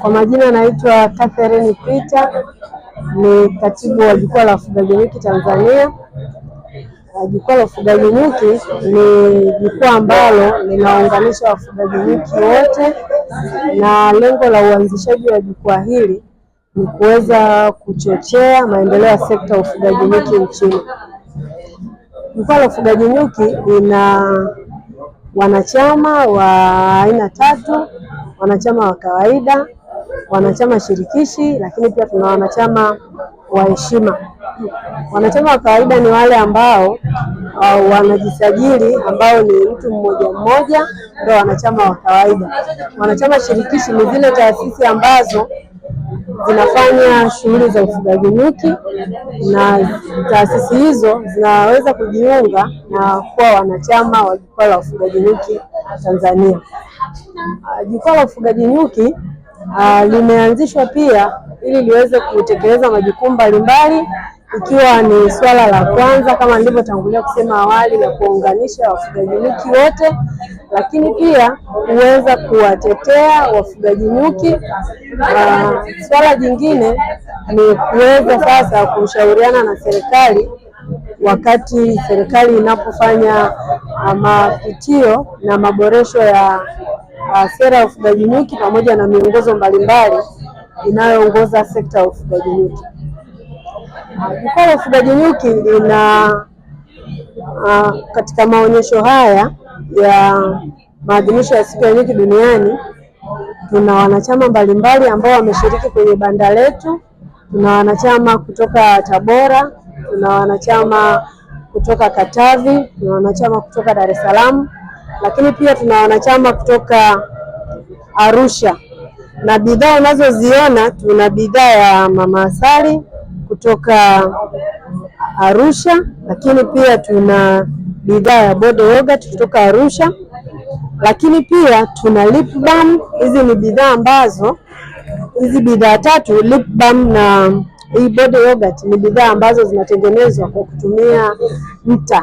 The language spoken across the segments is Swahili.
Kwa majina naitwa Catherine Peter, ni katibu wa jukwaa la ufugaji nyuki Tanzania. Jukwaa la ufugaji nyuki ni jukwaa ambalo linaunganisha wafugaji nyuki wote, na lengo la uanzishaji wa jukwaa hili ni kuweza kuchochea maendeleo ya sekta ya ufugaji nyuki nchini. Jukwaa la ufugaji nyuki lina wanachama wa aina tatu wanachama wa kawaida, wanachama shirikishi, lakini pia tuna wanachama wa heshima. Wanachama wa kawaida ni wale ambao uh, wanajisajili ambao ni mtu mmoja mmoja, ndio wanachama wa kawaida. Wanachama shirikishi ni zile taasisi ambazo zinafanya shughuli za ufugaji nyuki na taasisi hizo zinaweza kujiunga na kuwa wanachama wa jukwaa la ufugaji nyuki Tanzania. Jukwaa la ufugaji nyuki uh, limeanzishwa pia ili liweze kutekeleza majukumu mbalimbali ikiwa ni swala la kwanza kama nilivyotangulia kusema awali ya kuwaunganisha wafugaji nyuki wote, lakini pia kuweza kuwatetea wafugaji nyuki. Ah, swala jingine ni kuweza sasa kushauriana na serikali wakati serikali inapofanya ah, mapitio na maboresho ya ah, sera ya ufugaji nyuki pamoja na miongozo mbalimbali inayoongoza sekta ya ufugaji nyuki. Ah, jukwaa la ufugaji nyuki lina katika maonyesho haya ya maadhimisho ya siku ya nyuki duniani tuna wanachama mbalimbali ambao wameshiriki kwenye banda letu. Tuna wanachama kutoka Tabora tuna wanachama kutoka Katavi, tuna wanachama kutoka Dar es Salaam, lakini pia tuna wanachama kutoka Arusha na bidhaa unazoziona tuna bidhaa ya mama asali kutoka Arusha, lakini pia tuna bidhaa ya Bodo Yogurt kutoka Arusha, lakini pia tuna lip balm. Hizi ni bidhaa ambazo hizi bidhaa tatu lip balm na hii body yogurt ni bidhaa ambazo zinatengenezwa kwa kutumia mta,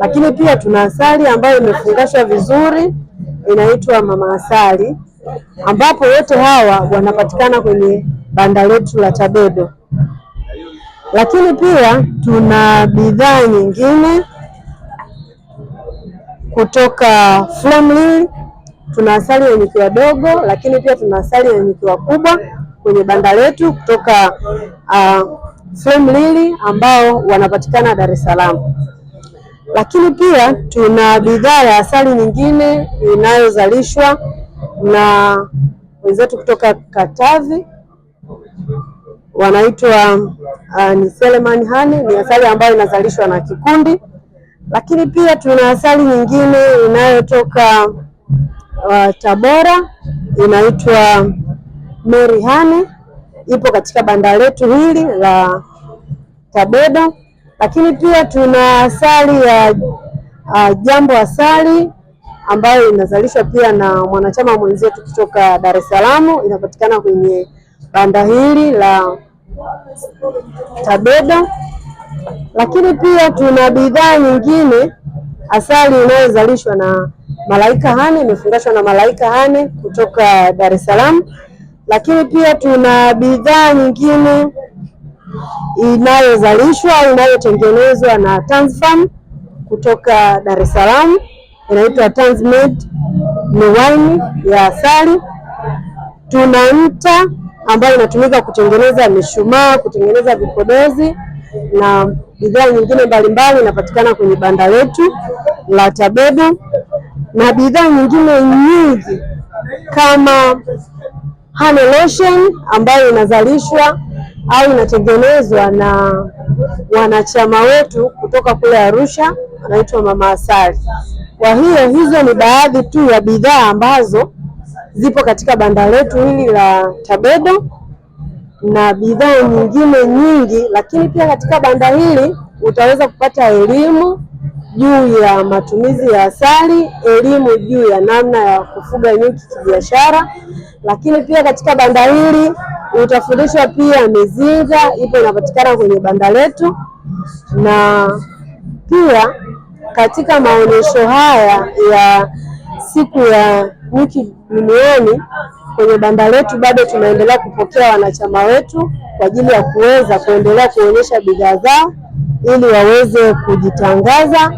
lakini pia tuna asali ambayo imefungashwa vizuri inaitwa mama asali, ambapo wote hawa wanapatikana kwenye banda letu la Tabedo. Lakini pia tuna bidhaa nyingine kutoka Flamli. Tuna asali yenye kiwa dogo, lakini pia tuna asali yenye kiwa kubwa kwenye banda letu kutoka uh, Flame Lily ambao wanapatikana Dar es Salaam. Lakini pia tuna bidhaa ya asali nyingine inayozalishwa na wenzetu kutoka Katavi wanaitwa uh, ni Seleman Hani, ni asali ambayo inazalishwa na kikundi. Lakini pia tuna asali nyingine inayotoka uh, Tabora inaitwa Mary Hane ipo katika banda letu hili la Tabedo, lakini pia tuna asali ya uh, Jambo Asali ambayo inazalishwa pia na mwanachama mwenzetu kutoka Dar es Salaam, inapatikana kwenye banda hili la Tabedo. Lakini pia tuna bidhaa nyingine, asali inayozalishwa na Malaika Hane, imefungashwa na Malaika Hane kutoka Dar es Salaam lakini pia tuna bidhaa nyingine inayozalishwa au inayotengenezwa na Tanzfarm kutoka Dar es Salaam inaitwa Tanzmed, ni ya asali. Tuna nta ambayo inatumika kutengeneza mishumaa, kutengeneza vipodozi na bidhaa nyingine mbalimbali, inapatikana kwenye banda letu la tabebu na bidhaa nyingine nyingi kama honey lotion ambayo inazalishwa au inatengenezwa na wanachama wetu kutoka kule Arusha anaitwa Mama Asali. Kwa hiyo hizo ni baadhi tu ya bidhaa ambazo zipo katika banda letu hili la Tabedo na bidhaa nyingine nyingi, lakini pia katika banda hili utaweza kupata elimu juu ya matumizi ya asali, elimu juu ya namna ya kufuga nyuki kibiashara. Lakini pia katika banda hili utafundishwa pia mizinga, ipo inapatikana kwenye banda letu, na pia katika maonyesho haya ya siku ya nyuki duniani kwenye banda letu bado tunaendelea kupokea wanachama wetu kwa ajili ya kuweza kuendelea kuonyesha bidhaa zao ili waweze kujitangaza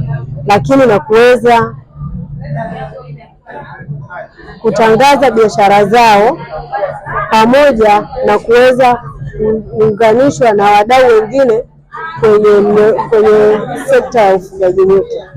lakini na kuweza kutangaza biashara zao pamoja na kuweza kuunganishwa na wadau wengine kwenye, kwenye sekta ya ufugaji nyuki.